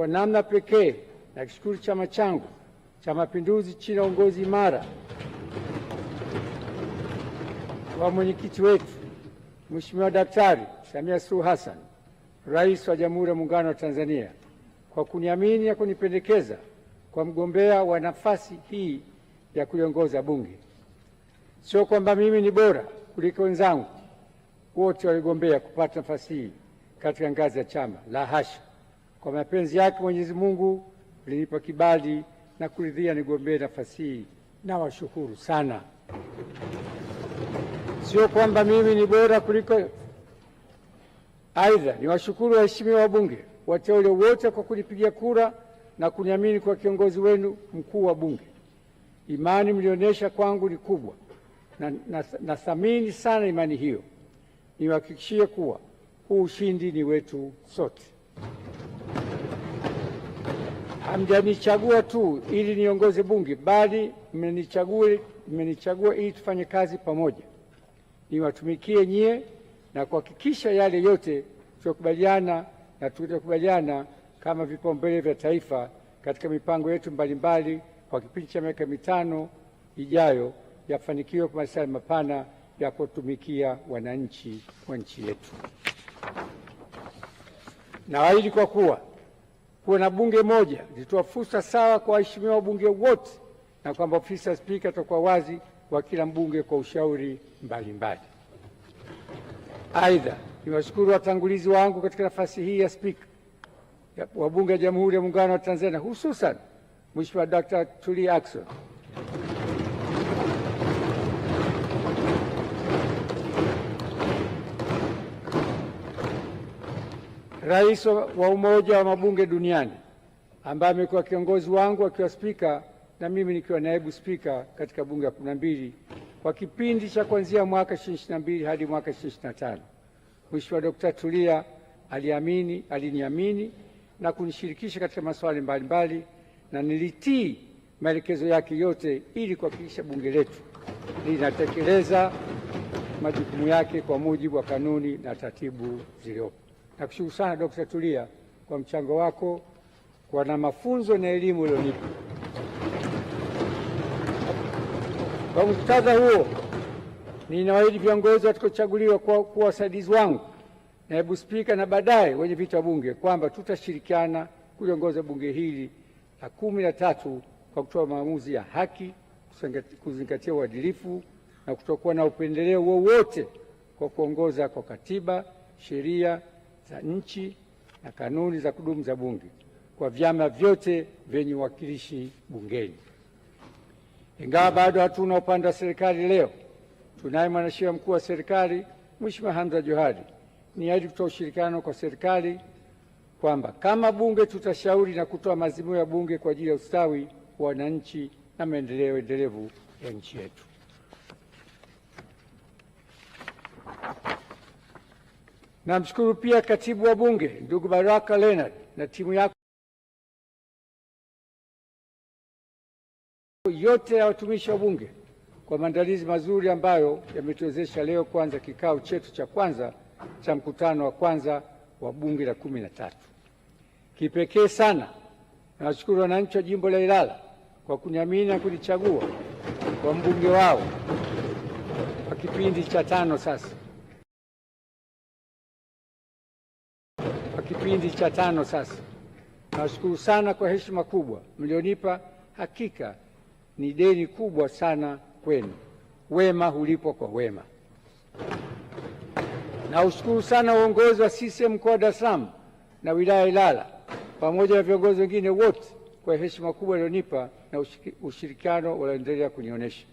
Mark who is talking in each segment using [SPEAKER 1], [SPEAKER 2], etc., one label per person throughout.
[SPEAKER 1] Kwa namna pekee na kishukuru chama changu cha Mapinduzi chini ya uongozi imara wa mwenyekiti wetu Mheshimiwa Daktari Samia Suluhu Hassan, Rais wa Jamhuri ya Muungano wa Tanzania, kwa kuniamini na kunipendekeza kwa mgombea wa nafasi hii ya kuliongoza Bunge. Sio kwamba mimi ni bora kuliko wenzangu wote waligombea kupata nafasi hii katika ngazi ya chama, la hasha. Kwa mapenzi yake Mwenyezi Mungu alinipa kibali na kuridhia nigombee nafasi hii. Nawashukuru sana. Sio kwamba mimi ni bora kuliko. Aidha, niwashukuru waheshimiwa wabunge wateule wote kwa kunipigia kura na kuniamini kwa kiongozi wenu mkuu wa Bunge. Imani mlionyesha kwangu ni kubwa na nathamini sana imani hiyo. Niwahakikishie kuwa huu ushindi ni wetu sote hamjanichagua tu ili niongoze Bunge, bali mmenichagua, mmenichagua ili tufanye kazi pamoja, niwatumikie nyie na kuhakikisha yale yote tutakubaliana na tutakubaliana kama vipaumbele vya taifa katika mipango yetu mbalimbali mbali, kwa kipindi cha miaka mitano ijayo yafanikiwe kwa masuala mapana ya kutumikia wananchi wa nchi yetu. Naahidi kwa kuwa kuwe na bunge moja litoa fursa sawa kwa waheshimiwa wabunge wote na kwamba ofisi ya spika itakuwa wazi kwa kila mbunge kwa ushauri mbalimbali. Aidha, niwashukuru watangulizi wangu katika nafasi hii ya spika wa bunge la Jamhuri ya Muungano wa Tanzania, hususan Mheshimiwa dr Tulia Ackson rais wa Umoja wa Mabunge Duniani ambaye amekuwa kiongozi wangu akiwa spika na mimi nikiwa naibu spika katika bunge la kumi na mbili kwa kipindi cha kuanzia mwaka 2022 hadi mwaka 2025. Mheshimiwa Dkt. Tulia aliamini, aliniamini na kunishirikisha katika masuala mbalimbali na nilitii maelekezo yake yote ili kuhakikisha bunge letu linatekeleza majukumu yake kwa mujibu wa kanuni na taratibu zilizopo. Nakushukuru sana Dr. Tulia kwa mchango wako kwa na mafunzo na elimu ulionipa. Kwa muktadha huo, ninawaahidi viongozi watakaochaguliwa kuwa wasaidizi wangu, naibu spika na baadaye wenyeviti wa bunge kwamba tutashirikiana kuliongoza bunge hili la kumi na tatu kwa kutoa maamuzi ya haki, kuzingatia uadilifu na kutokuwa na upendeleo wowote, kwa kuongoza kwa katiba, sheria za nchi na kanuni za kudumu za Bunge kwa vyama vyote vyenye uwakilishi bungeni. Ingawa bado hatuna upande wa serikali leo, tunaye mwanasheria mkuu wa serikali Mheshimiwa Hamza Johari. Ni ahidi kutoa ushirikiano kwa serikali kwamba kama bunge tutashauri na kutoa maazimio ya bunge kwa ajili ya ustawi wa wananchi na maendeleo endelevu ya nchi yetu. Namshukuru pia katibu wa Bunge ndugu Baraka Leonard na timu yako yote ya watumishi wa Bunge kwa maandalizi mazuri ambayo yametuwezesha leo kuanza kikao chetu cha kwanza cha mkutano wa kwanza wa Bunge la kumi na tatu. Kipekee sana nawashukuru wananchi wa jimbo la Ilala kwa kuniamini na kunichagua kwa mbunge wao kwa kipindi cha tano sasa. kipindi cha tano sasa. Nawashukuru sana kwa heshima kubwa mlionipa, hakika ni deni kubwa sana kwenu. Wema hulipwa kwa wema. Naushukuru sana uongozi wa CCM mkoa wa Dar es Salaam na wilaya Ilala pamoja na viongozi wengine wote kwa heshima kubwa ilionipa na ushirikiano walioendelea kunionyesha.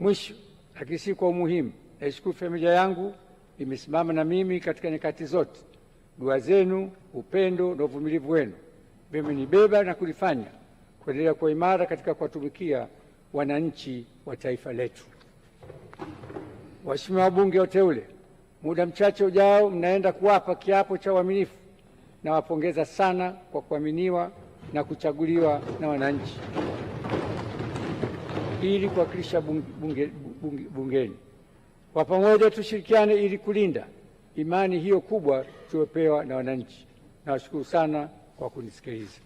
[SPEAKER 1] Mwisho lakini si kwa umuhimu, naishukuru familia yangu imesimama na mimi katika nyakati zote dua zenu, upendo na uvumilivu wenu vimenibeba na kulifanya kuendelea kuwa imara katika kuwatumikia wananchi wa taifa letu. Waheshimiwa wabunge wateule, muda mchache ujao mnaenda kuwapa kiapo cha uaminifu. Nawapongeza sana kwa kuaminiwa na kuchaguliwa na wananchi ili kuwakilisha bunge, bunge, bunge, bungeni. Kwa pamoja tushirikiane ili kulinda imani hiyo kubwa tuliopewa na wananchi. Nawashukuru sana kwa kunisikiliza.